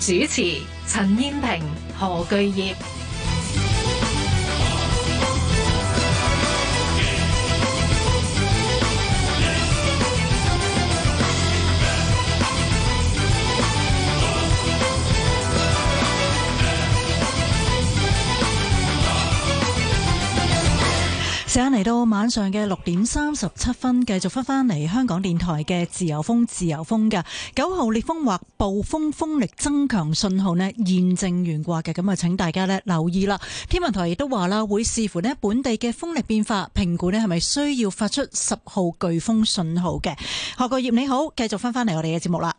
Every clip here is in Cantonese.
主持：陳燕萍、何巨業。時間嚟到晚上嘅六點三十七分，繼續翻翻嚟香港電台嘅自由風，自由風嘅九號烈風或暴風風力增強信號呢，現正懸掛嘅，咁啊，請大家呢留意啦。天文台亦都話啦，會視乎呢本地嘅風力變化，評估呢係咪需要發出十號颶風信號嘅。何國業你好，繼續翻翻嚟我哋嘅節目啦。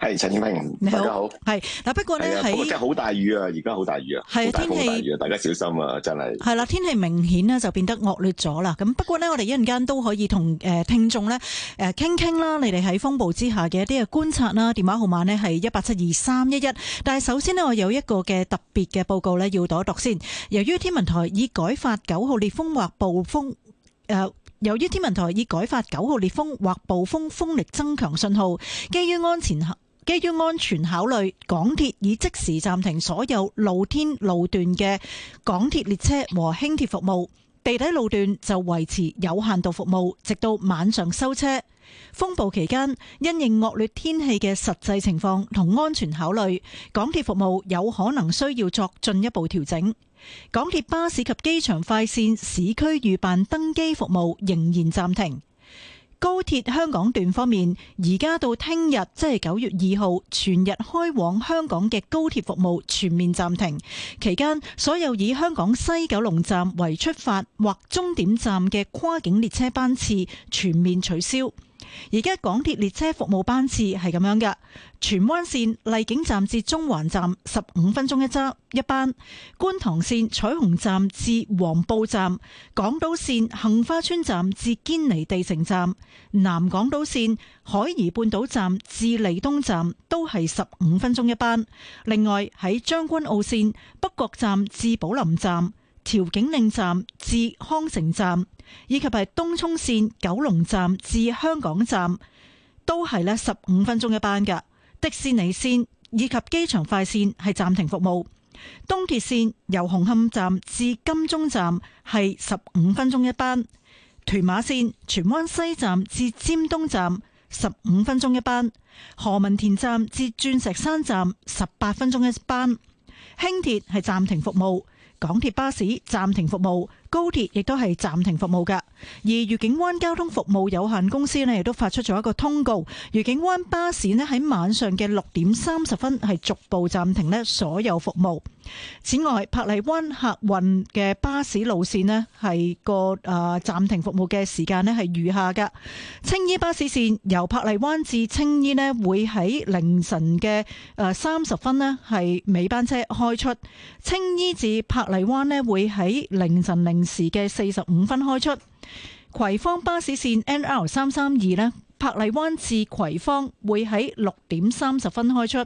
係陳英明，你好，大家好。係，但不過呢，喺，係好大雨啊！而家好大雨啊！係啊，天氣，大大家小心啊！真係。係啦，天氣明顯呢就變得惡劣咗啦。咁不過呢，我哋一陣間都可以同誒聽眾呢誒傾傾啦。你哋喺風暴之下嘅一啲嘅觀察啦，電話號碼呢係一八七二三一一。但係首先呢，我有一個嘅特別嘅報告呢，要讀一讀先。由於天文台已改發九號烈風或暴風，誒、呃，由於天文台已改發九號烈風或暴風，風力增強信號，基於安全。基於安全考慮，港鐵已即時暫停所有露天路段嘅港鐵列車和輕鐵服務，地底路段就維持有限度服務，直到晚上收車。風暴期間，因應惡劣天氣嘅實際情況同安全考慮，港鐵服務有可能需要作進一步調整。港鐵巴士及機場快線市區預辦登機服務仍然暫停。高鐵香港段方面，而家到聽日即係九月二號，全日開往香港嘅高鐵服務全面暫停。期間，所有以香港西九龍站為出發或終點站嘅跨境列車班次全面取消。而家港鐵列車服務班次係咁樣嘅：荃灣綫麗景站至中環站十五分鐘一則一班；觀塘綫彩虹站至黃埔站；港島綫杏花邨站至堅尼地城站；南港島綫海怡半島站至利東站都係十五分鐘一班。另外喺將軍澳綫北角站至寶林站。調景嶺站至康城站，以及係東涌綫九龍站至香港站，都係咧十五分鐘一班㗎。迪士尼綫以及機場快綫係暫停服務。東鐵綫由紅磡站至金鐘站係十五分鐘一班。屯馬綫荃灣西站至尖東站十五分鐘一班。何文田站至鑽石山站十八分鐘一班。輕鐵係暫停服務。港鐵巴士暫停服務。高鐵亦都係暫停服務噶，而愉景灣交通服務有限公司咧亦都發出咗一個通告，愉景灣巴士咧喺晚上嘅六點三十分係逐步暫停咧所有服務。此外，珀麗灣客運嘅巴士路線咧係個誒暫停服務嘅時間咧係如下嘅：青衣巴士線由珀麗灣至青衣咧會喺凌晨嘅誒三十分咧係尾班車開出，青衣至珀麗灣咧會喺凌晨零。定時嘅四十五分開出葵芳巴士線 N L 三三二呢，珀麗灣至葵芳會喺六點三十分開出；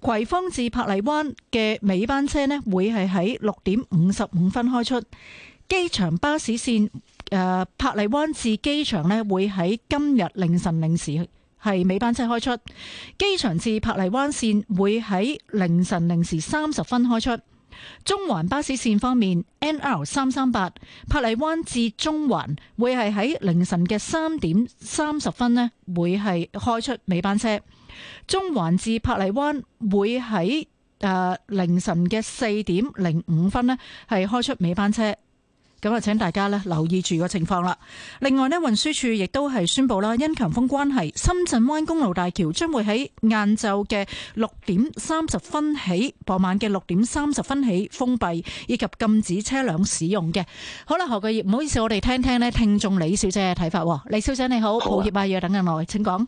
葵芳至珀麗灣嘅尾班車呢會係喺六點五十五分開出。機場巴士線誒，珀麗灣至機場呢會喺今日凌晨零時係尾班車開出；機場至珀麗灣線會喺凌晨零時三十分開出。中環巴士線方面，N L 三三八，珀麗灣至中環會係喺凌晨嘅三點三十分呢，會係開出尾班車；中環至珀麗灣會喺誒凌晨嘅四點零五分呢，係開出尾班車。咁啊，請大家呢留意住個情況啦。另外呢，運輸署亦都係宣布啦，因強風關係，深圳灣公路大橋將會喺晏晝嘅六點三十分起，傍晚嘅六點三十分起封閉以及禁止車輛使用嘅。好啦，何貴業，唔好意思，我哋聽聽呢聽眾李小姐嘅睇法。李小姐你好，抱歉啊，要等咁耐，請講。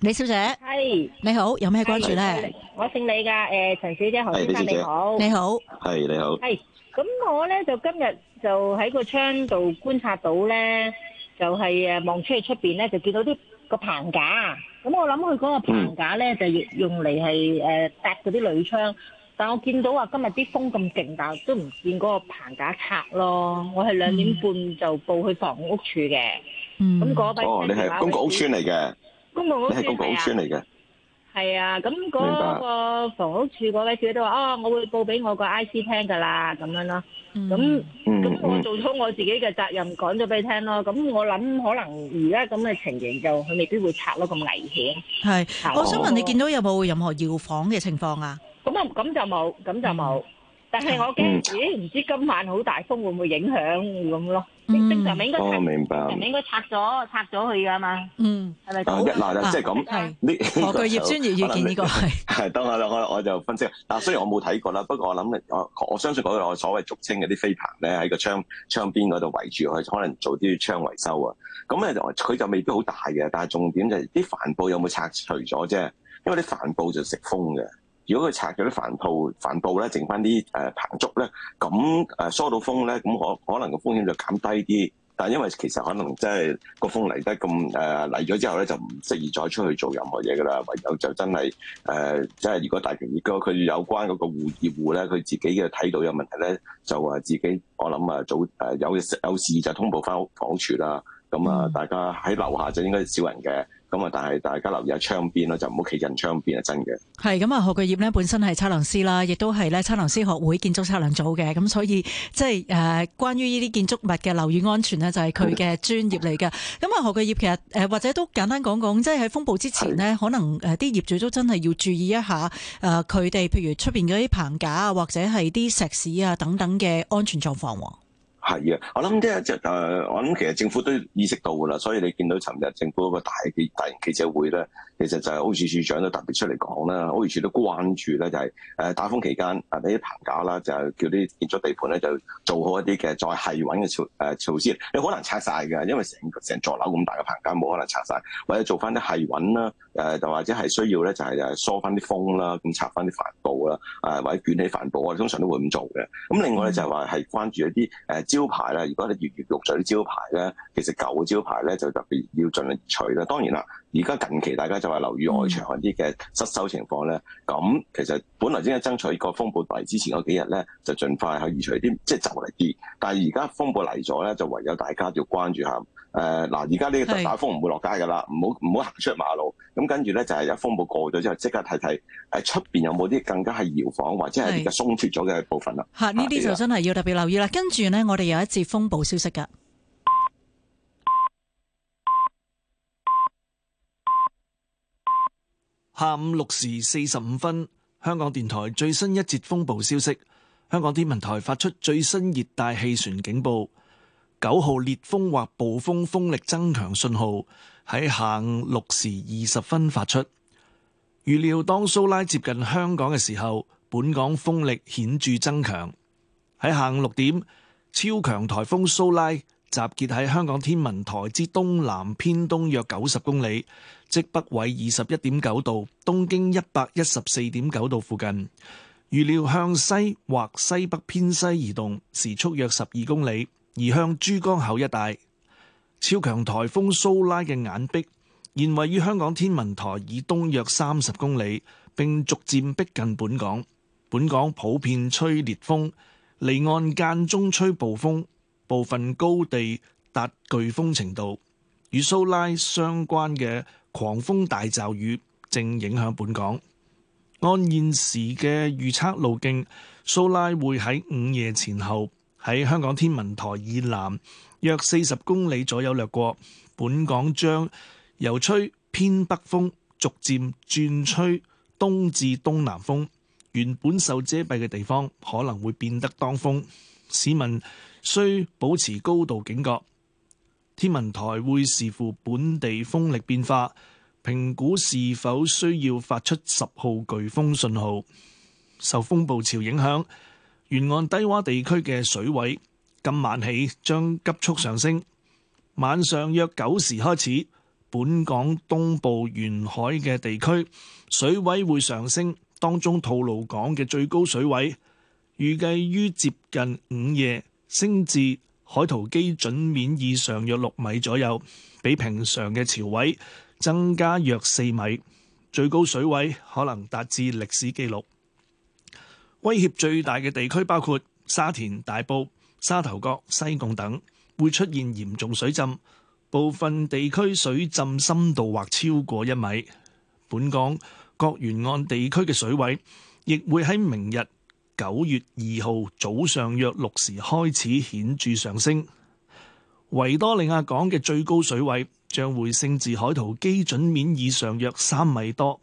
李小姐係你好，有咩關注呢？我姓李噶，誒，陳小姐，何先生你好，你好，係你好，係。咁我咧就今日就喺個窗度觀察到咧，就係誒望出去出邊咧，就見到啲個棚架。咁我諗佢嗰個棚架咧，就用嚟係誒搭嗰啲鋁窗，但我見到話今日啲風咁勁，但都唔見嗰個棚架拆咯。我係兩點半就報去房屋處嘅。咁嗰批哦，你係公共屋邨嚟嘅？公共屋，係公共屋邨嚟嘅。你嗎係啊，咁嗰個房屋處嗰位小姐都話，哦，我會報俾我個 I C 聽㗎啦，咁樣咯。咁咁我做足我自己嘅責任，講咗俾你聽咯。咁我諗可能而家咁嘅情形就佢未必會拆咯，咁危險。係，我想問你見到有冇任何搖晃嘅情況啊？咁啊，咁就冇，咁就冇。但係我驚自己唔知今晚好大風會唔會影響咁咯？明明咪應該拆，正常咪拆咗，拆咗佢噶嘛。嗯，係咪？嗱，即係咁，我佢好、啊、業專業意見呢個係係，當我我我就分析。但係雖然我冇睇過啦，不過我諗，我我相信嗰個所謂俗稱嘅啲飛棚咧，喺個窗窗邊嗰度圍住佢，可能做啲窗維修啊。咁咧就佢就未必好大嘅，但係重點就係、是、啲帆布有冇拆除咗啫？因為啲帆布就食風嘅。如果佢拆咗啲帆布，帆布咧剩翻啲誒棚竹咧，咁誒疏到風咧，咁可可能個風險就減低啲。但因為其實可能即係個風嚟得咁誒嚟咗之後咧，就唔適宜再出去做任何嘢㗎啦，唯有就真係誒即係如果大權熱嗰個佢有關嗰個戶業戶咧，佢自己嘅睇到有問題咧，就話自己我諗啊早誒有有事就通報翻房署啦。咁啊，嗯、大家喺樓下就應該少人嘅，咁啊，但係大家留意喺窗邊咯，就唔好企近窗邊係真嘅。係咁啊，何巨業咧本身係測量師啦，亦都係咧測量師學會建築測量組嘅，咁所以即係誒，關於呢啲建築物嘅樓宇安全呢就係佢嘅專業嚟嘅。咁啊、嗯，何巨業其實誒，或者都簡單講講，即係喺風暴之前呢是可能誒啲業主都真係要注意一下，誒佢哋譬如出邊嗰啲棚架啊，或者係啲石屎啊等等嘅安全狀況。係啊，我諗即係就誒，我諗其實政府都意識到㗎啦，所以你見到尋日政府一個大嘅大型記者會咧。其實就係屋宇署署長都特別出嚟講啦，屋宇署都關注咧，就係誒打風期間啊，呢啲棚架啦，就係叫啲建築地盤咧，就做好一啲嘅再繫穩嘅措措施。你好難拆晒嘅，因為成成座樓咁大嘅棚架，冇可能拆晒。或者做翻啲繫穩啦，誒，就或者係需要咧，就係誒疏翻啲風啦，咁拆翻啲帆布啦，誒，或者捲起帆布，我哋通常都會咁做嘅。咁另外咧就係話係關注一啲招牌啦，如果你越越陸著啲招牌咧，其實舊嘅招牌咧就特別要盡量除啦。當然啦。而家近期大家就話留意外牆啲嘅失修情況咧，咁、嗯、其實本來應該爭取個風暴嚟之前嗰幾日咧，就盡快去移除啲即係就嚟、是、啲。但係而家風暴嚟咗咧，就唯有大家要關注下誒嗱，而家呢個特大風唔會落街㗎啦，唔好唔好行出馬路。咁跟住咧就係有風暴過咗之後，即刻睇睇喺出邊有冇啲更加係搖晃或者係鬆脱咗嘅部分啦。嚇是！呢啲就真係要特別留意啦。跟住咧，我哋有一節風暴消息㗎。下午六時四十五分，香港電台最新一節風暴消息。香港天文台發出最新熱帶氣旋警報，九號烈風或暴風風力增強信號，喺下午六時二十分發出。預料當蘇拉接近香港嘅時候，本港風力顯著增強。喺下午六點，超強颱風蘇拉集結喺香港天文台之東南偏東約九十公里。即北緯二十一點九度，東經一百一十四點九度附近，預料向西或西北偏西移動，時速約十二公里，移向珠江口一帶。超強台風蘇拉嘅眼壁現位於香港天文台以東約三十公里，並逐漸逼近本港。本港普遍吹烈風，離岸間中吹暴風，部分高地達颶風程度。與蘇拉相關嘅。狂風大驟雨正影響本港，按現時嘅預測路徑，蘇拉會喺午夜前後喺香港天文台以南約四十公里左右掠過，本港將由吹偏北風逐漸轉吹東至東南風，原本受遮蔽嘅地方可能會變得當風，市民需保持高度警覺。天文台會視乎本地風力變化，評估是否需要發出十號颶風信號。受風暴潮影響，沿岸低洼地區嘅水位今晚起將急速上升。晚上約九時開始，本港東部沿海嘅地區水位會上升，當中吐露港嘅最高水位預計於接近午夜升至。海圖基準面以上約六米左右，比平常嘅潮位增加約四米，最高水位可能達至歷史紀錄。威脅最大嘅地區包括沙田、大埔、沙頭角、西貢等，會出現嚴重水浸，部分地區水浸深度或超過一米。本港各沿岸地區嘅水位亦會喺明日，九月二號早上約六時開始顯著上升，維多利亞港嘅最高水位將會升至海圖基準面以上約三米多，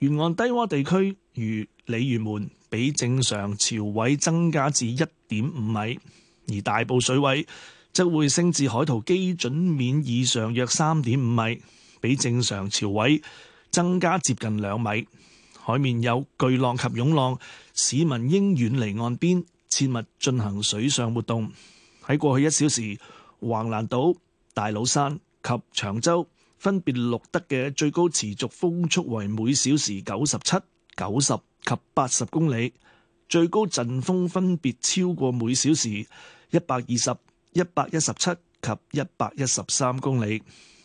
沿岸低洼地區如鯉魚門，比正常潮位增加至一點五米，而大埔水位則會升至海圖基準面以上約三點五米，比正常潮位增加接近兩米。海面有巨浪及湧浪，市民應遠離岸邊，切勿進行水上活動。喺過去一小時，橫瀾島、大老山及長洲分別錄得嘅最高持續風速為每小時九十七、九十及八十公里，最高陣風分別超過每小時一百二十、一百一十七及一百一十三公里。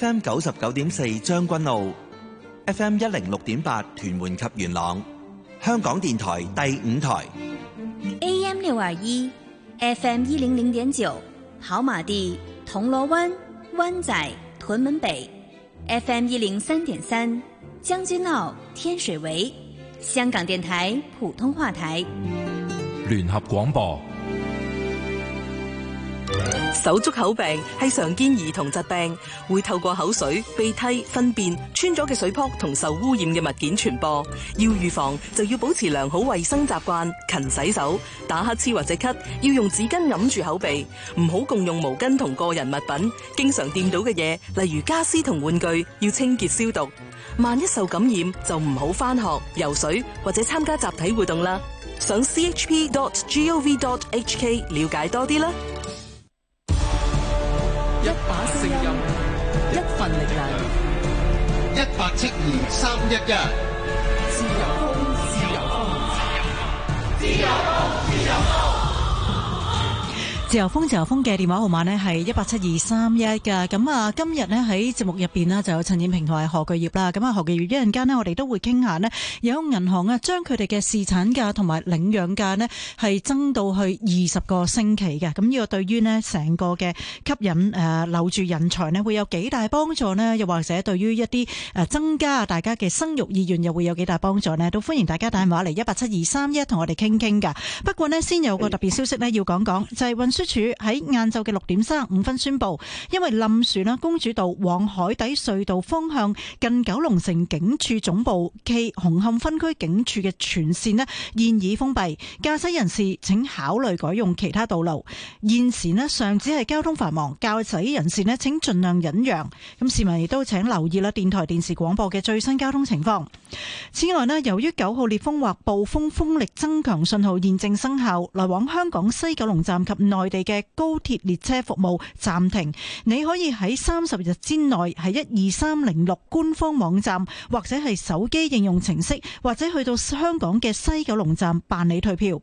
FM 九十九點四將軍澳，FM 一零六點八屯門及元朗，香港電台第五台，AM 六二一，FM 一零零點九跑馬地、銅鑼灣、灣仔、屯門北，FM 一零三點三將軍澳天水圍，香港電台普通話台，聯合廣播。手足口病係常見兒童疾病，會透過口水、鼻涕、糞便、穿咗嘅水泡同受污染嘅物件傳播。要預防，就要保持良好衛生習慣，勤洗手，打乞嗤或者咳，要用紙巾揞住口鼻，唔好共用毛巾同個人物品。經常掂到嘅嘢，例如家私同玩具，要清潔消毒。萬一受感染，就唔好翻學、游水或者參加集體活動啦。上 chp.gov.hk 了解多啲啦。一把聲音，一份力量，一八七二三一一。自由風，自由風，自由風，自由風，自由風。自由風，自由風嘅電話號碼呢係一八七二三一㗎。咁啊，今日呢喺節目入邊呢，就有陳燕萍同埋何巨業啦。咁啊，何巨業一陣間呢，我哋都會傾下呢，有銀行啊，將佢哋嘅侍產假同埋領養假呢係增到去二十個星期㗎。咁呢個對於呢成個嘅吸引誒留住人才呢會有幾大幫助呢？又或者對於一啲誒增加大家嘅生育意願，又會有幾大幫助呢？都歡迎大家打電話嚟一八七二三一同我哋傾傾㗎。不過呢，先有個特別消息呢要講講，就係運輸。處喺晏晝嘅六點三十五分宣布，因為冧船公主道往海底隧道方向近九龍城警署總部暨紅磡分區警署嘅全線咧現已封閉，駕駛人士請考慮改用其他道路。現時咧上址係交通繁忙，駕駛人士咧請盡量忍讓。咁市民亦都請留意啦，電台、電視、廣播嘅最新交通情況。此外咧由於九號烈風或暴風風力增強信號現正生效，來往香港西九龍站及內地地嘅高鐵列車服務暫停，你可以喺三十日之內喺一二三零六官方網站或者係手機應用程式或者去到香港嘅西九龍站辦理退票。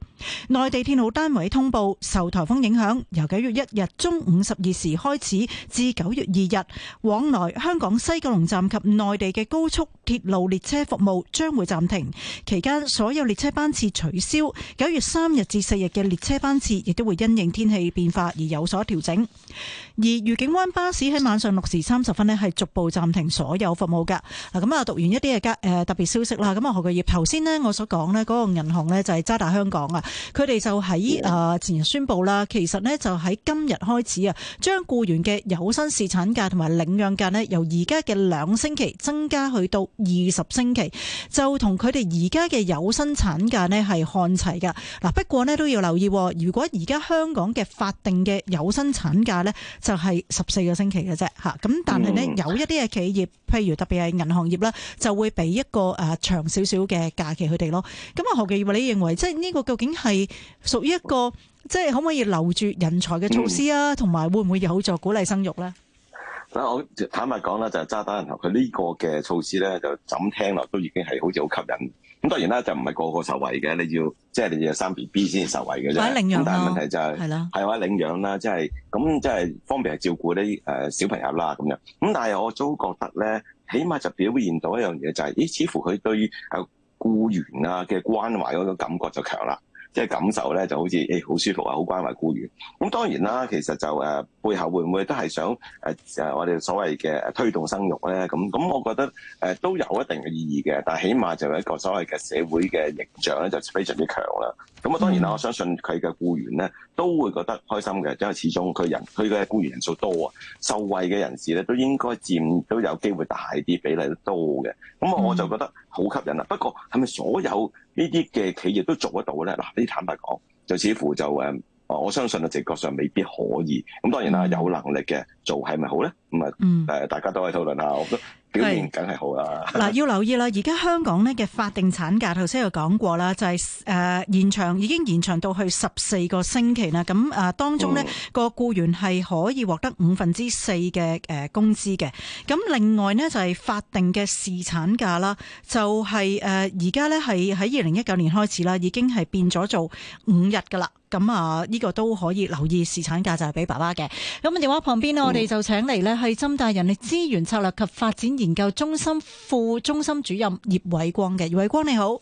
內地鐵路單位通報，受台風影響，由九月一日中午十二時開始至九月二日，往來香港西九龍站及內地嘅高速鐵路列車服務將會暫停，期間所有列車班次取消。九月三日至四日嘅列車班次亦都會因應天氣。嘅變化而有所調整，而愉景灣巴士喺晚上六時三十分呢，係逐步暫停所有服務嘅。嗱、啊，咁啊讀完一啲嘅、呃、特別消息啦。咁啊何國業，頭先呢，我所講呢嗰個銀行呢，就係、是、渣打香港啊，佢哋就喺誒、呃、前日宣布啦，其實呢，就喺今日開始啊，將雇員嘅有薪侍產假同埋領養假呢，由而家嘅兩星期增加去到二十星期，就同佢哋而家嘅有薪產假呢，係看齊嘅。嗱、啊，不過呢，都要留意，如果而家香港的法定嘅有薪產假咧，就係十四個星期嘅啫吓，咁但係咧，有一啲嘅企業，譬如特別係銀行業啦，就會俾一個誒長少少嘅假期佢哋咯。咁啊何其葉，你認為即係呢個究竟係屬於一個即係可唔可以留住人才嘅措施啊？同埋會唔會有助鼓勵生育咧？嗱、嗯，我坦白講啦，就渣打銀行。佢呢個嘅措施咧，就咁聽落都已經係好似好吸引。咁當然啦，就唔係個個受惠嘅，你要即係、就是、你要生 B B 先受惠嘅啫。咁但係問題就係、是，係啦的，係話領養啦，即係咁即係方便係照顧啲誒小朋友啦咁樣。咁但係我都覺得咧，起碼就表現到一樣嘢就係，咦？似乎佢對於誒雇員啊嘅關懷嗰種感覺就強啦。即係感受咧，就好似誒好舒服啊，好關懷僱員。咁當然啦，其實就誒背後會唔會都係想誒、呃、我哋所謂嘅推動生育咧？咁咁，我覺得誒、呃、都有一定嘅意義嘅。但係起碼就有一個所謂嘅社會嘅形象咧，就非常之強啦。咁啊，當然啦，我相信佢嘅僱員咧都會覺得開心嘅，因為始終佢人佢嘅僱員人數多啊，受惠嘅人士咧都應該佔都有機會大啲比例都多嘅。咁啊，我就覺得。嗯好吸引啊，不過係咪所有呢啲嘅企業都做得到呢？嗱，你坦白講，就似乎就我相信直覺上未必可以。咁當然啦，有能力嘅做係咪好呢？唔係，大家都可以討論下。嗯、我覺得表現梗係好啦。嗱、嗯， 要留意啦，而家香港呢嘅法定產假，頭先有講過啦，就係誒延長已經延長到去十四個星期啦。咁誒當中呢、嗯、個僱員係可以獲得五分之四嘅誒工資嘅。咁另外呢，就係、是、法定嘅侍產假啦，就係誒而家呢係喺二零一九年開始啦，已經係變咗做五日噶啦。咁啊，呢個都可以留意侍產假就係俾爸爸嘅。咁電話旁邊呢，我哋就請嚟呢。嗯係浸大人力資源策略及發展研究中心副中心主任葉偉光嘅，葉偉光你好，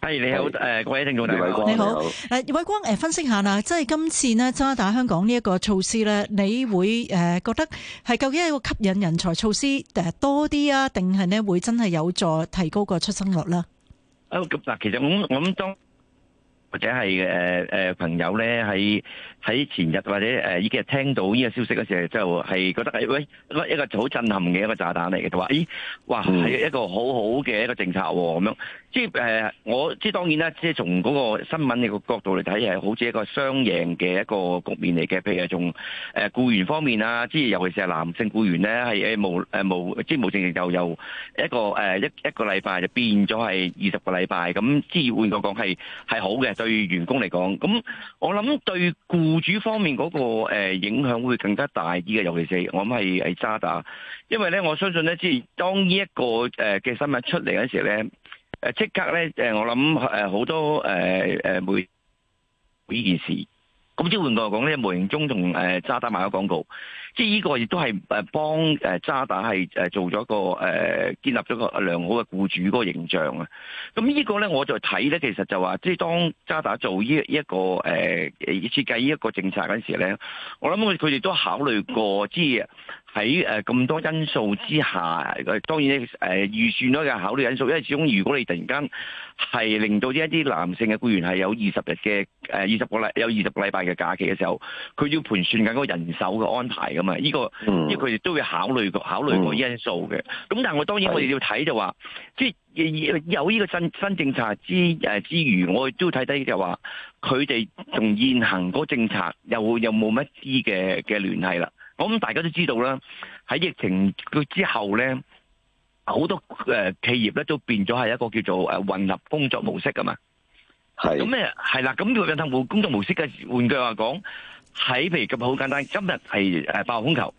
係你好，誒，各位聽眾葉偉光，你好，誒，葉偉光，誒好、呃，分析下啦，即係今次呢，渣打香港呢一個措施咧，你會誒、呃、覺得係究竟係個吸引人才措施誒、呃、多啲啊，定係呢會真係有助提高個出生率啦？啊、哦，咁嗱，其實我我諗當。或者係誒誒，朋友咧，喺喺前日或者誒、呃、已經係聽到呢個消息嘅時候，就係、是、覺得係喂，一個好震撼嘅一個炸彈嚟嘅，就話咦，哇係一個好好嘅一個政策喎、哦、咁樣。即係我即係當然啦，即係從嗰個新聞嘅角度嚟睇，係好似一個雙贏嘅一個局面嚟嘅。譬如係從誒僱員方面啊，即係尤其是係男性僱員咧，係誒即係無正業又有一個一一個禮拜就變咗係二十個禮拜。咁之換句講係係好嘅對員工嚟講。咁我諗對僱主方面嗰個誒影響會更加大啲嘅，尤其是我諗係係渣打，因為咧我相信咧，即係當呢、這、一個誒嘅、呃、新聞出嚟嗰時咧。誒即、呃、刻咧，我諗誒好多誒誒每每件事，咁之換句講咧，無形中同誒渣打買咗廣告。即係呢個亦都係誒幫誒渣打係誒做咗個誒、呃、建立咗個良好嘅僱主嗰個形象啊！咁、這個、呢個咧，我就睇咧，其實就話即係當渣打做呢一、這個誒、呃、設計呢一個政策陣時咧，我諗佢哋都考慮過即係喺咁多因素之下，當然誒預算都嘅考慮因素，因為始終如果你突然間係令到呢一啲男性嘅僱員係有二十日嘅誒二十個禮有二十個禮拜嘅假期嘅時候，佢要盤算緊個人手嘅安排嘅咁啊！這個，即佢哋都會考慮過、考慮過因素嘅。咁、嗯、但係我當然我哋要睇就話、是，即係有呢個新新政策之誒、呃、之餘，我哋都睇低就話、是，佢哋同現行嗰政策又又冇乜啲嘅嘅聯繫啦。咁我諗大家都知道啦，喺疫情佢之後咧，好多誒、呃、企業咧都變咗係一個叫做誒混合工作模式噶嘛。係。咁咩的？係啦，咁混合模工作模式嘅換句話講。喺譬如咁好簡單，今日係誒八號風球，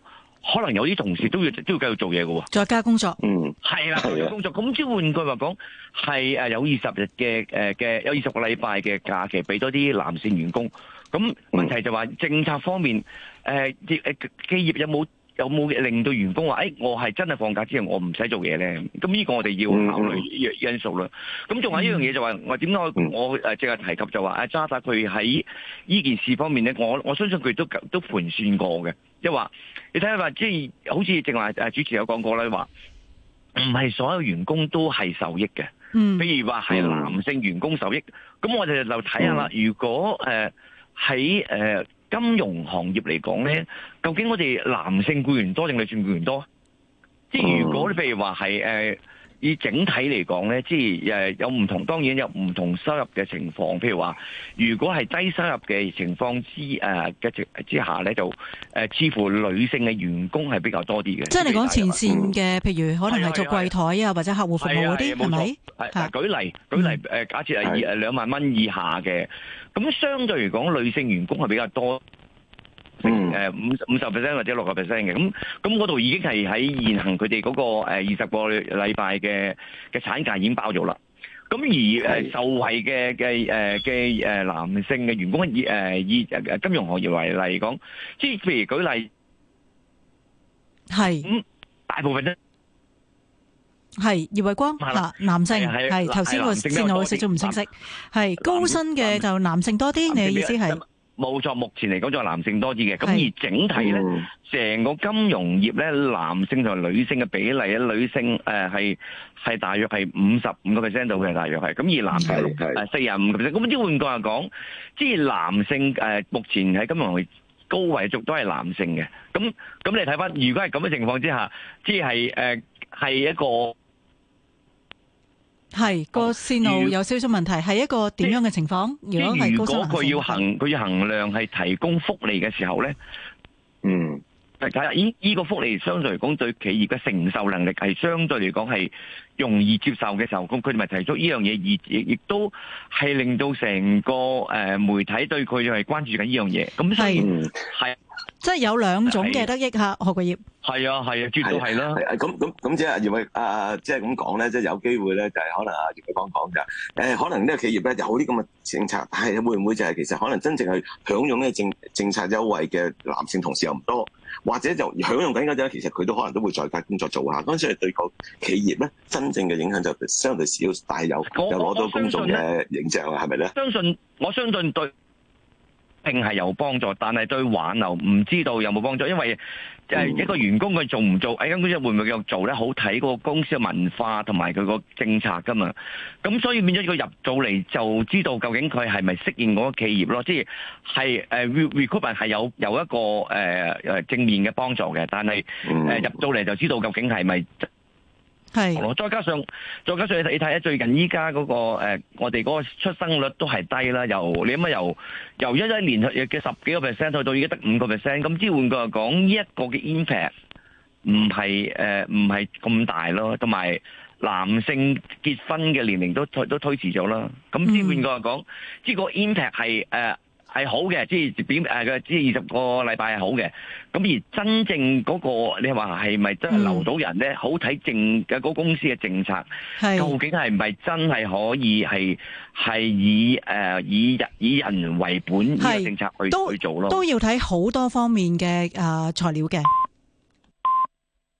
可能有啲同事都要都要繼續做嘢嘅喎，再加工作，嗯，係啦，做工作，咁即係換句話講，係誒有二十日嘅誒嘅有二十個禮拜嘅假期俾多啲男性員工。咁問題就話、嗯、政策方面，誒業誒企業有冇？有冇令到員工話，誒、哎，我係真係放假之後我唔使做嘢咧。咁呢個我哋要考慮因素啦。咁仲、mm hmm. 有一樣嘢就話、是，為什麼我點解我即刻提及就話，誒、mm hmm. 渣打佢喺呢件事方面咧，我我相信佢都都盤算過嘅，即係話，你睇下話，即、就、係、是、好似正話主持有講過啦，話唔係所有員工都係受益嘅。嗯、mm。Hmm. 比如話係男性員工受益，咁我哋就睇下啦。Mm hmm. 如果誒喺誒。呃金融行業嚟講，咧，究竟我哋男性雇員多定女性雇員多？即係、嗯、如果你譬如話係誒。Uh 以整體嚟講咧，即係誒有唔同，當然有唔同收入嘅情況。譬如話，如果係低收入嘅情況之誒嘅之之下咧，就誒、呃、似乎女性嘅員、呃、工係比較多啲嘅。即係你講前線嘅，譬、嗯、如可能係做櫃台啊，是是是是或者客戶服務嗰啲，同埋係舉例舉例誒、呃，假設係二兩萬蚊以下嘅，咁是是 相對嚟講，女性員工係比較多。嗯，誒五五十 percent 或者六十 percent 嘅，咁咁嗰度已經係喺現行佢哋嗰個誒二十個禮拜嘅嘅產假已經包咗啦。咁而誒受惠嘅嘅誒嘅誒男性嘅員工，以誒以誒金融行業為例講，即係譬如舉例，係，大部分啫，係葉偉光嗱，男性係，頭先個線路好少唔清晰，係高薪嘅就男性多啲，你意思係？冇錯，目前嚟講就係男性多啲嘅，咁是而整體咧，成、嗯、個金融業咧，男性同女性嘅比例咧，女性誒係係大約係五十五個 percent 度嘅，大約係，咁而男性四十五個 percent。咁如果換句話講，即係男性誒、呃、目前喺金融業高位族都係男性嘅，咁咁你睇翻，如果係咁嘅情況之下，即係誒係一個。係、個線路有少少問題，係、哦、一個點樣嘅情況？是如果係，如果佢要行佢要衡量係提供福利嘅時候咧，嗯。睇下呢呢個福利相對嚟講對企業嘅承受能力係相對嚟講係容易接受嘅時候，咁佢咪提出呢樣嘢，而亦亦都係令到成個誒媒體對佢係關注緊呢樣嘢。咁所以係，即係有兩種嘅得益客。學過是業，係啊係啊，絕對係啦。咁咁咁即係葉偉啊，即係咁講咧，即係有機會咧，就係可能阿葉偉光講嘅誒，可能呢個、呃、企業咧就好啲咁嘅政策，但係會唔會就係、是、其實可能真正係享用呢政政策優惠嘅男性同事又唔多？或者就享用緊嗰陣，其實佢都可能都會在家工作做下。咁所以對個企業咧，真正嘅影響就相對少，但係有有又攞到公眾嘅形象，係咪咧？相信我相信對。並係有幫助，但係對挽留唔知道有冇幫助，因為即係一個員工佢做唔做，誒咁即係會唔會又做咧？好睇嗰個公司嘅文化同埋佢個政策㗎嘛。咁所以變咗佢入到嚟就知道究竟佢係咪適應嗰個企業咯。即係係誒 recruitment 係有有一個誒誒正面嘅幫助嘅，但係誒入到嚟就知道究竟係咪。係是，再加上再加上你睇下最近依家嗰個誒、呃，我哋嗰個出生率都係低啦，由你諗下由由一一年嘅十幾個 percent 去到而家得五個 percent，咁之換、這個嚟講呢一個嘅 impact 唔係誒唔係咁大咯，同埋男性結婚嘅年齡都都推遲咗啦，咁之換個嚟講，即係個 impact 係誒。係好嘅，即係表誒嘅，即係二十個禮拜係好嘅。咁而真正嗰、那個，你話係咪真係留到人咧？嗯、好睇政嘅公司嘅政策，是究竟係咪真係可以係係以誒、呃、以人以人為本嘅是政策去都去做咯？都都要睇好多方面嘅誒、啊、材料嘅。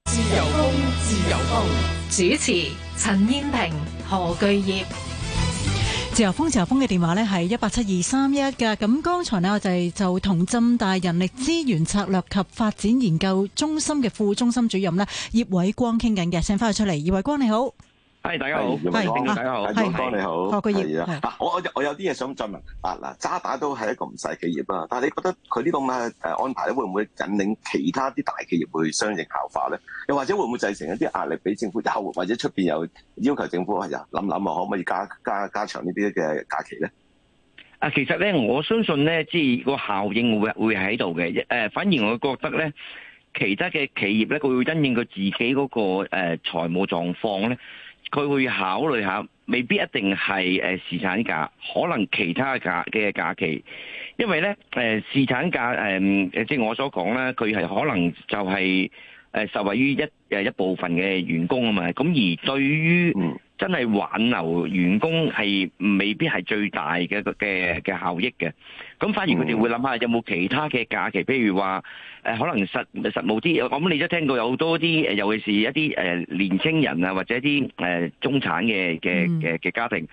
自由風，自由風，主持陳燕萍、何巨業。自由風，自由風嘅電話呢係一八七二三一嘅。咁剛才呢，我就就同浸大人力資源策略及發展研究中心嘅副中心主任呢葉偉光傾緊嘅，請翻佢出嚟。葉偉光，你好。係，大家好，大家好，阿朱、啊、是你好，我我有啲嘢想再問阿、嗱，渣打都係一個唔細企業啦，但係你覺得佢呢個咁嘅安排會唔會引領其他啲大企業去相應效化咧？又或者會唔會製成一啲壓力俾政府？又或者出邊又要求政府係又諗諗啊，可唔可以加加加長呢啲嘅假期咧？啊，其實咧，我相信咧，即係個效應會會喺度嘅。誒，反而我覺得咧，其他嘅企業咧，佢會因應佢自己嗰個財務狀況咧。佢會考慮下，未必一定係誒侍產假，可能其他假嘅假期，因為咧誒侍產假誒即係我所講咧，佢係可能就係誒受惠於一誒一部分嘅員工啊嘛，咁而對於嗯。真係挽留員工係未必係最大嘅嘅嘅效益嘅，咁反而佢哋會諗下有冇其他嘅假期，譬如話、呃、可能實實務啲，我、嗯、諗你都聽到有好多啲尤其是一啲、呃、年青人啊，或者一啲、呃、中產嘅嘅嘅嘅家庭，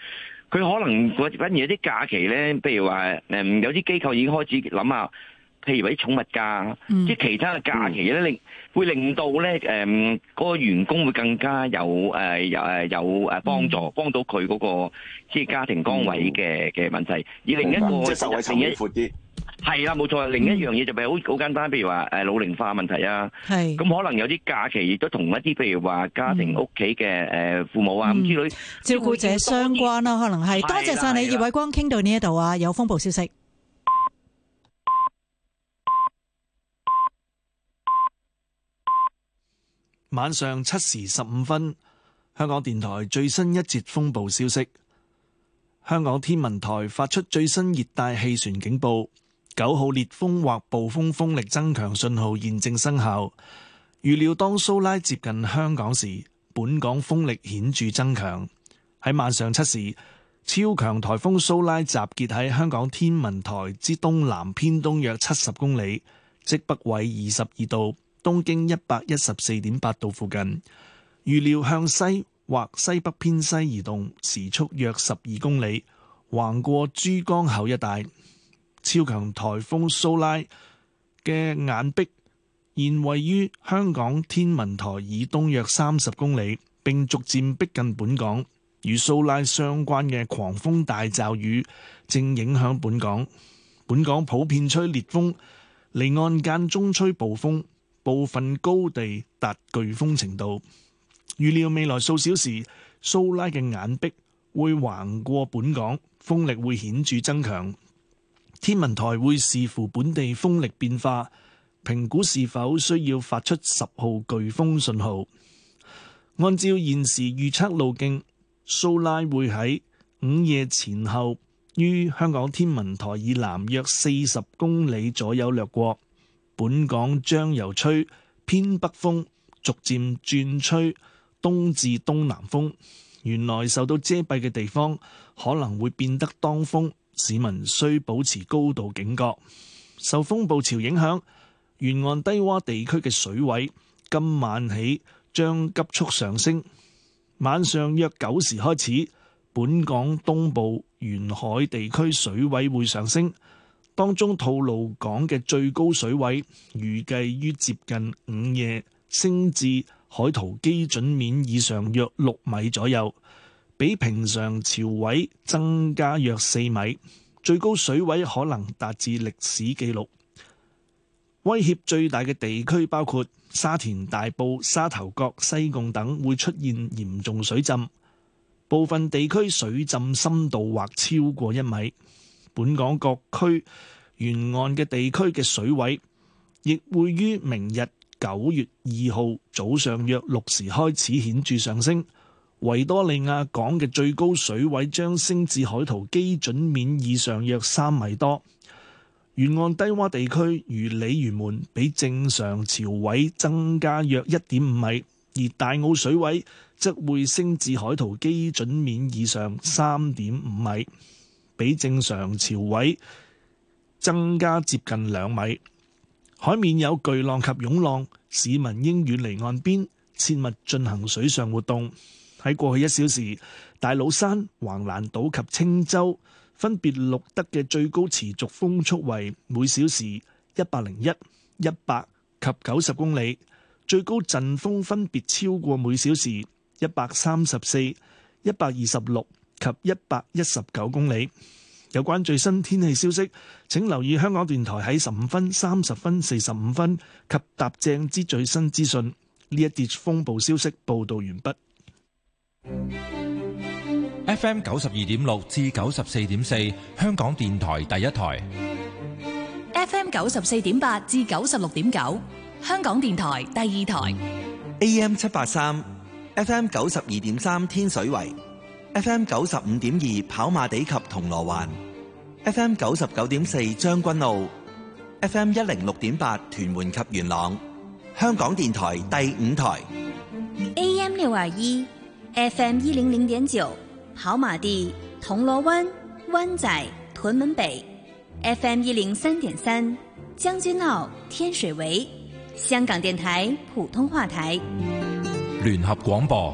佢可能反而有啲假期咧，譬如話、呃、有啲機構已經開始諗下。譬如啲寵物假，即係其他嘅假期咧，令會令到咧誒，嗰個員工會更加有誒誒有誒幫助，幫到佢嗰個即係家庭崗位嘅嘅問題。而另一個，另一闊啲，係啦，冇錯。另一樣嘢就譬如好好簡單，譬如話誒老齡化問題啊。係。咁可能有啲假期亦都同一啲，譬如話家庭屋企嘅誒父母啊，唔知類照顧者相關啦，可能係。多謝晒你葉偉光傾到呢一度啊！有風暴消息。晚上七時十五分，香港電台最新一節風暴消息。香港天文台發出最新熱帶氣旋警報，九號烈風或暴風風力增強信號現正生效。預料當蘇拉接近香港時，本港風力顯著增強。喺晚上七時，超強台風蘇拉集結喺香港天文台之東南偏東約七十公里，即北緯二十二度。東經一百一十四點八度附近，預料向西或西北偏西移動，時速約十二公里，橫過珠江口一帶。超強颱風蘇拉嘅眼壁現位於香港天文台以東約三十公里，並逐漸逼近本港。與蘇拉相關嘅狂風大驟雨正影響本港，本港普遍吹烈風，離岸間中吹暴風。部分高地達颶風程度，預料未來數小時，蘇拉嘅眼壁會橫過本港，風力會顯著增強。天文台會視乎本地風力變化，評估是否需要發出十號颶風信號。按照現時預測路徑，蘇拉會喺午夜前後於香港天文台以南約四十公里左右掠過。本港將由吹偏北風，逐漸轉吹東至東南風。原來受到遮蔽嘅地方可能會變得當風，市民需保持高度警覺。受風暴潮影響，沿岸低窪地區嘅水位今晚起將急速上升。晚上約九時開始，本港東部沿海地區水位會上升。當中吐露港嘅最高水位預計於接近午夜升至海圖基準面以上約六米左右，比平常潮位增加約四米。最高水位可能達至歷史記錄，威脅最大嘅地區包括沙田、大埔、沙頭角、西貢等會出現嚴重水浸，部分地區水浸深度或超過一米。本港各區沿岸嘅地區嘅水位，亦會於明日九月二號早上約六時開始顯著上升。維多利亞港嘅最高水位將升至海圖基準面以上約三米多。沿岸低洼地區如鯉魚門比正常潮位增加約一點五米，而大澳水位則會升至海圖基準面以上三點五米。比正常潮位增加接近兩米，海面有巨浪及湧浪，市民應遠離岸邊，切勿進行水上活動。喺過去一小時，大老山、橫瀾島及青洲分別錄得嘅最高持續風速為每小時一百零一、一百及九十公里，最高陣風分別超過每小時一百三十四、一百二十六。1> 及一百一十九公里。有關最新天氣消息，請留意香港電台喺十五分、三十分、四十五分及答正之最新資訊。呢一節風暴消息報道完畢。F M 九十二點六至九十四點四，香港電台第一台。F M 九十四點八至九十六點九，香港電台第二台。A M 七八三，F M 九十二點三，天水圍。FM 九十五點二跑馬地及銅鑼灣，FM 九十九點四將軍澳，FM 一零六點八屯門及元朗，香港電台第五台，AM 六二一，FM 一零零點九跑馬地、銅鑼灣、灣仔、屯門北，FM 一零三點三將軍澳、天水圍，香港電台普通話台，聯合廣播。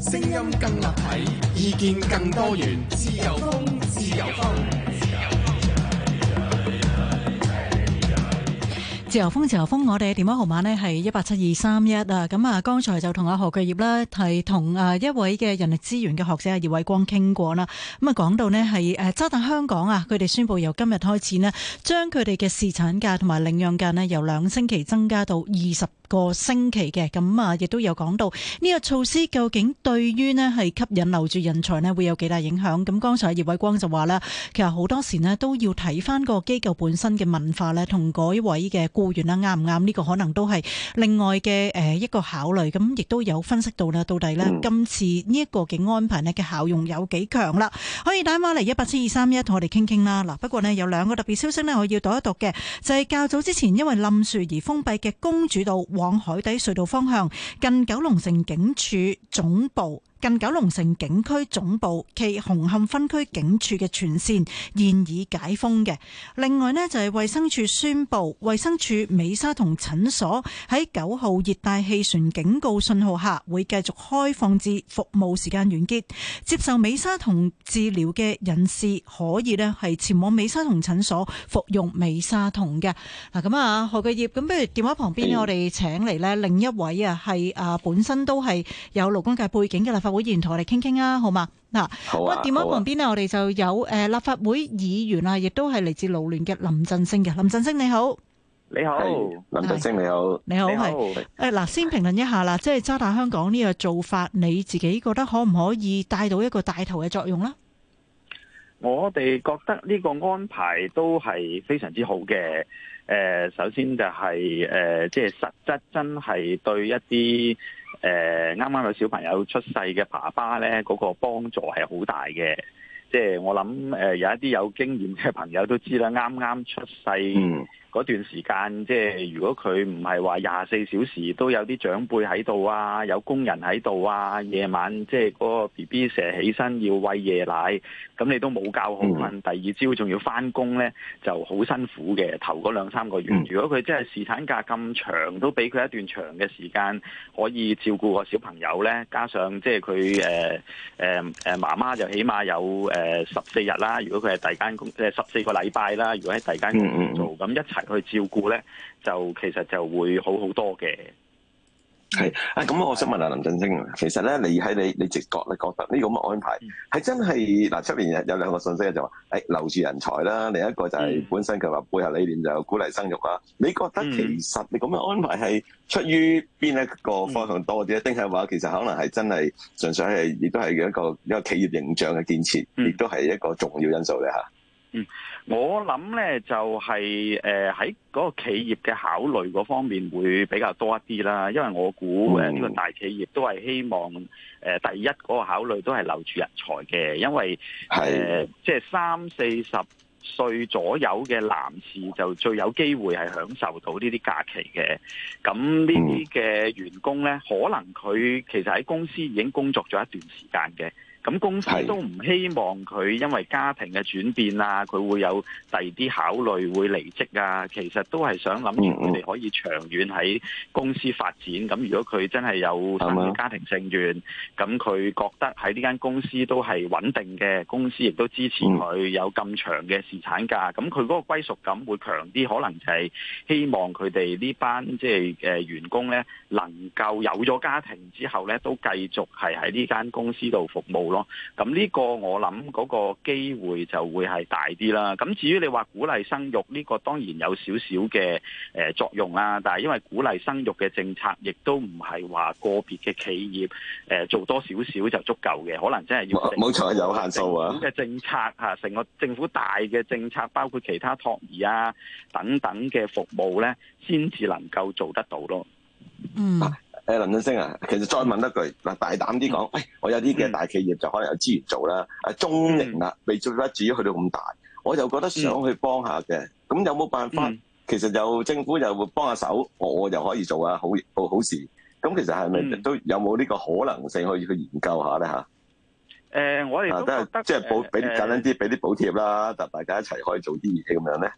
聲音更立體，意見更多元，自由風，自由風，自由風，自由風。自由風，自由風，自由風，我哋嘅電話號碼呢係一八七二三一啊。咁啊，剛才就同阿何巨業啦，係同一位嘅人力資源嘅學者啊，葉偉光傾過啦。咁啊，講到呢係誒，渣打香港啊，佢哋宣佈由今日開始呢，將佢哋嘅侍產假同埋領養假呢由兩星期增加到二十個星期嘅，咁啊，亦都有講到呢個措施究竟對於呢係吸引留住人才呢，會有幾大影響？咁剛才葉偉光就話啦，其實好多時呢都要睇翻個機構本身嘅文化呢，同嗰一位嘅僱員啦啱唔啱？呢個可能都係另外嘅誒一個考慮。咁亦都有分析到啦，到底呢今次呢一個嘅安排呢嘅效用有幾強啦？可以打電話嚟一八七二三一同我哋傾傾啦。嗱，不過呢，有兩個特別消息呢，我要讀一讀嘅，就係較早之前因為冧樹而封閉嘅公主道，往海底隧道方向，近九龍城警署總部。近九龍城警區總部暨紅磡分區警署嘅全綫現已解封嘅。另外呢，就係衛生署宣布，衛生署美沙酮診所喺九號熱帶氣旋警告信號下會繼續開放至服務時間完結，接受美沙酮治療嘅人士可以呢係前往美沙酮診所服用美沙酮嘅。嗱，咁啊何繼業，咁不如電話旁邊我哋請嚟咧另一位啊，係啊本身都係有勞工界背景嘅立法。會員同我哋傾傾啊，好嘛？嗱，電話旁邊咧，我哋就有誒立法會議員啊，亦都係嚟自勞聯嘅林振昇嘅。林振昇你好，你好，林振昇你好，你好係。誒嗱，先評論一下啦，即係渣打香港呢個做法，你自己覺得可唔可以帶到一個帶頭嘅作用咧？我哋覺得呢個安排都係非常之好嘅。誒，首先就係誒，即係實質真係對一啲。誒啱啱有小朋友出世嘅爸爸呢嗰、嗰個幫助係好大嘅，即係我諗、呃、有一啲有經驗嘅朋友都知啦，啱啱出世。嗯嗰段時間，即係如果佢唔係，話廿四小時都有啲長輩喺度啊，有工人喺度啊，夜晚即係嗰個 B B 成日起身要餵夜奶，咁你都冇教好瞓，mm hmm. 第二朝仲要翻工咧，就好辛苦嘅。頭嗰兩三個月，mm hmm. 如果佢即係侍產假咁長都俾佢一段長嘅時間可以照顧個小朋友咧，加上即係佢誒誒誒媽媽就起碼有誒十四日啦。如果佢係第間工，即係十四個禮拜啦。如果喺第間工做，咁、mm hmm. 一齊。去照顧咧，就其實就會好好多嘅。係啊，咁我想問下林振昇其實咧，你喺你你直覺咧覺得呢個咁嘅安排係、嗯、真係嗱、啊、出面有兩個信息就話，誒、哎、留住人才啦，另一個就係本身佢話、嗯、背後理念就有鼓勵生育啦。你覺得其實你咁嘅安排係出於邊一個方向多啲丁定係話、嗯嗯、其實可能係真係純粹係亦都係一個一個企業形象嘅建設，亦都係一個重要因素咧嗯，我諗呢就係誒喺嗰個企業嘅考慮嗰方面會比較多一啲啦，因為我估誒呢個大企業都係希望誒、嗯呃、第一嗰個考慮都係留住人才嘅，因為誒即係三四十歲左右嘅男士就最有機會係享受到呢啲假期嘅，咁呢啲嘅員工呢，可能佢其實喺公司已經工作咗一段時間嘅。咁公司都唔希望佢因為家庭嘅轉變啊，佢會有第二啲考慮會離職啊。其實都係想諗住佢哋可以長遠喺公司發展。咁如果佢真係有甚至家庭成員，咁佢覺得喺呢間公司都係穩定嘅，公司亦都支持佢有咁長嘅侍產假。咁佢嗰個歸屬感會強啲，可能就係希望佢哋呢班即係誒員工咧，能夠有咗家庭之後咧，都繼續係喺呢間公司度服務。咁呢個我諗嗰個機會就會係大啲啦。咁至於你話鼓勵生育呢個當然有少少嘅誒作用啦。但係因為鼓勵生育嘅政策，亦都唔係話個別嘅企業誒做多少少就足夠嘅，可能真係要冇錯有限數啊。政府嘅政策吓，成個政府大嘅政策，包括其他托兒啊等等嘅服務咧，先至能夠做得到咯。嗯。林振昇啊，其實再問一句嗱，大膽啲講，誒、嗯哎、我有啲嘅大企業就可能有資源做啦，誒中型啦、啊，嗯、未做至於去到咁大，我就覺得想去幫下嘅。咁、嗯、有冇辦法？嗯、其實就政府就會幫下手，我就可以做啊，好好好事。咁其實係咪、嗯、都有冇呢個可能性可以去研究下咧？吓，誒，我哋即係補俾簡單啲，俾啲補貼啦，就、呃、大家一齊可以做啲嘢咁樣咧。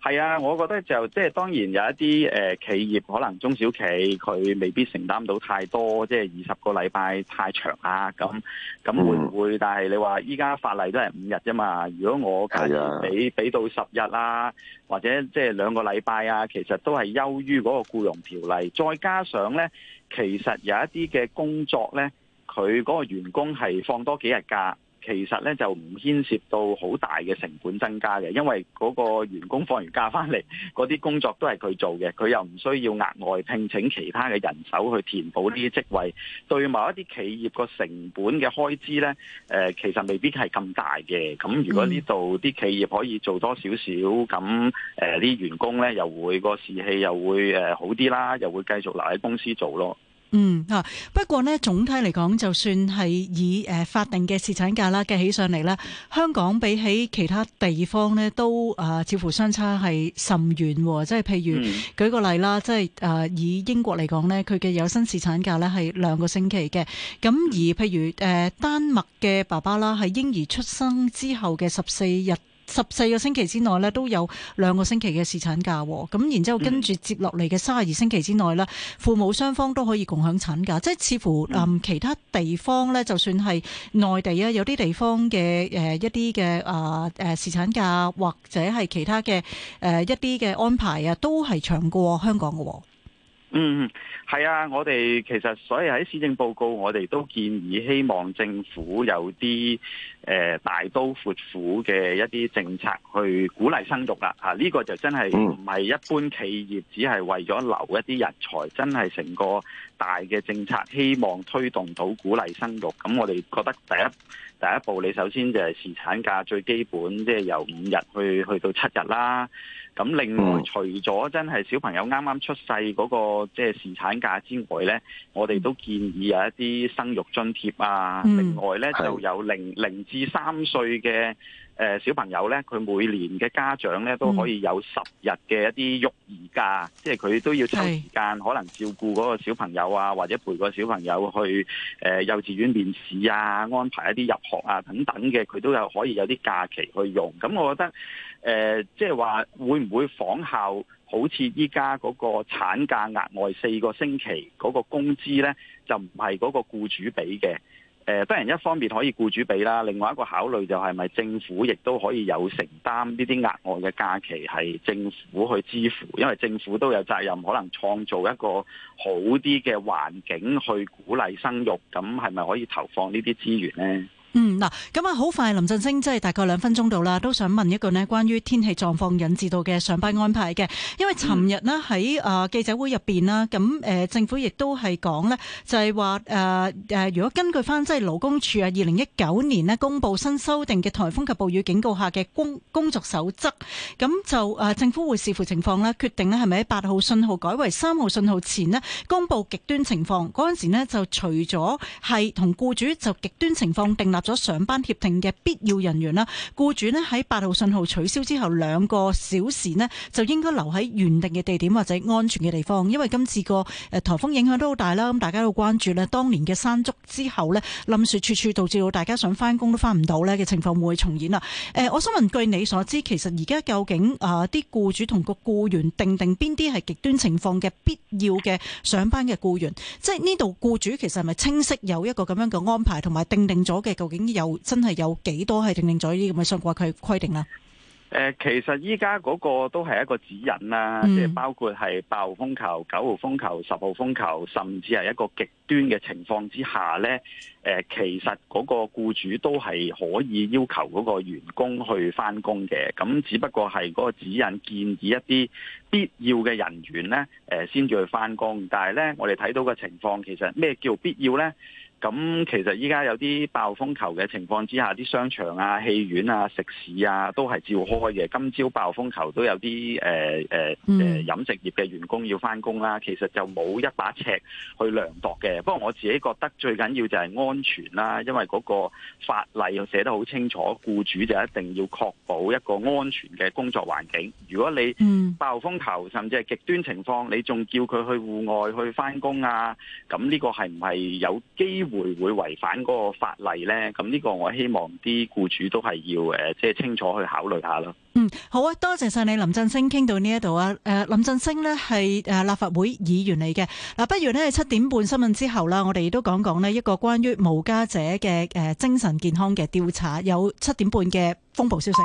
係啊，我覺得就即係當然有一啲、呃、企業可能中小企佢未必承擔到太多，即係二十個禮拜太長啊咁咁會唔會？嗯、但係你話依家法例都係五日啫嘛，如果我假如俾俾到十日啦，或者即係兩個禮拜啊，其實都係優於嗰個僱傭條例。再加上呢，其實有一啲嘅工作呢，佢嗰個員工係放多幾日假。其實咧就唔牽涉到好大嘅成本增加嘅，因為嗰個員工放完假翻嚟，嗰啲工作都係佢做嘅，佢又唔需要額外聘請其他嘅人手去填補呢啲職位，對某一啲企業個成本嘅開支咧，誒其實未必係咁大嘅。咁如果呢度啲企業可以做多少少，咁誒啲員工咧又會個士氣又會誒好啲啦，又會繼續留喺公司做咯。嗯吓、啊，不過呢，總體嚟講，就算係以誒、呃、法定嘅侍產假啦計起上嚟咧，香港比起其他地方呢都啊似、呃、乎相差係甚遠、哦，即係譬如、嗯、舉個例啦，即係誒、呃、以英國嚟講呢，佢嘅有薪侍產假呢係兩個星期嘅，咁而譬如誒、呃、丹麥嘅爸爸啦，係嬰兒出生之後嘅十四日。十四個星期之內咧都有兩個星期嘅侍產假，咁然之後跟住接落嚟嘅卅二星期之內咧，父母雙方都可以共享產假，即係似乎、嗯、其他地方咧，就算係內地，地啊，有啲地方嘅一啲嘅啊誒侍產假或者係其他嘅誒、啊、一啲嘅安排啊，都係長過香港嘅。嗯嗯，係啊，我哋其實所以喺施政報告，我哋都建議希望政府有啲誒、呃、大刀闊斧嘅一啲政策去鼓勵生育啦。吓、啊、呢、這個就真係唔係一般企業只係為咗留一啲人才，真係成個。大嘅政策希望推動到鼓勵生育，咁我哋覺得第一第一步，你首先就係侍產假最基本，即係由五日去去到七日啦。咁另外，除咗真係小朋友啱啱出世嗰個即係侍產假之外咧，我哋都建議有一啲生育津貼啊。嗯、另外咧，就有零零至三歲嘅。小朋友呢，佢每年嘅家長呢都可以有十日嘅一啲育兒假，嗯、即係佢都要抽時間是可能照顧嗰個小朋友啊，或者陪個小朋友去、呃、幼稚園面試啊，安排一啲入學啊等等嘅，佢都有可以有啲假期去用。咁我覺得誒，即係話會唔會仿效好似依家嗰個產假額外四個星期嗰個工資呢？就唔係嗰個僱主俾嘅。誒當然一方面可以僱主俾啦，另外一個考慮就係咪政府亦都可以有承擔呢啲額外嘅假期係政府去支付？因為政府都有責任，可能創造一個好啲嘅環境去鼓勵生育，咁係咪可以投放呢啲資源呢？嗯，嗱，咁啊，好快，林振昇即係大概兩分鐘到啦，都想問一個咧，關於天氣狀況引致到嘅上班安排嘅。因為尋日咧喺記者會入邊啦，咁誒、嗯、政府亦都係講咧，就係話誒誒，如果根據翻即係勞工處啊二零一九年咧公布新修訂嘅颱風及暴雨警告下嘅工工作守則，咁就誒政府會視乎情況咧，決定咧係咪喺八號信號改為三號信號前咧公布極端情況嗰陣時咧就除咗係同僱主就極端情況定立咗上班協定嘅必要人員啦，雇主咧，喺八號信號取消之後兩個小時咧，就應該留喺原定嘅地點或者安全嘅地方。因為今次個誒颱風影響都好大啦，咁大家都關注咧，當年嘅山竹之後咧，冧樹處處導致到大家想翻工都翻唔到咧嘅情況會唔會重演啊？誒、呃、我想問，據你所知，其實而家究竟啊啲雇主同個雇員定定邊啲係極端情況嘅必要嘅上班嘅雇員，即係呢度雇主其實係咪清晰有一個咁樣嘅安排同埋定定咗嘅？究竟有真係有幾多係定定咗呢啲咁嘅相關規規定啦？誒，其實依家嗰個都係一個指引啦，即係、mm. 包括係八號風球、九號風球、十號風球，甚至係一個極端嘅情況之下咧。誒，其實嗰個雇主都係可以要求嗰個員工去翻工嘅，咁只不過係嗰個指引建議一啲必要嘅人員咧，誒，先至去翻工。但係咧，我哋睇到嘅情況，其實咩叫必要咧？咁其實依家有啲暴風球嘅情況之下，啲商場啊、戲院啊、食肆啊都係照開嘅。今朝暴風球都有啲誒誒誒飲食業嘅員工要翻工啦。其實就冇一把尺去量度嘅。不過我自己覺得最緊要就係安全啦，因為嗰個法例又寫得好清楚，雇主就一定要確保一個安全嘅工作環境。如果你暴風球甚至係極端情況，你仲叫佢去戶外去翻工啊？咁呢個係唔係有機會。會唔會違反嗰個法例呢？咁呢個我希望啲僱主都係要誒，即、呃、係清楚去考慮下咯。嗯，好啊，多謝晒你林、呃，林振昇傾到呢一度啊。誒，林振昇呢係誒立法會議員嚟嘅。嗱、啊，不如呢，係七點半新聞之後啦，我哋亦都講講呢一個關於無家者嘅誒、呃、精神健康嘅調查，有七點半嘅風暴消息。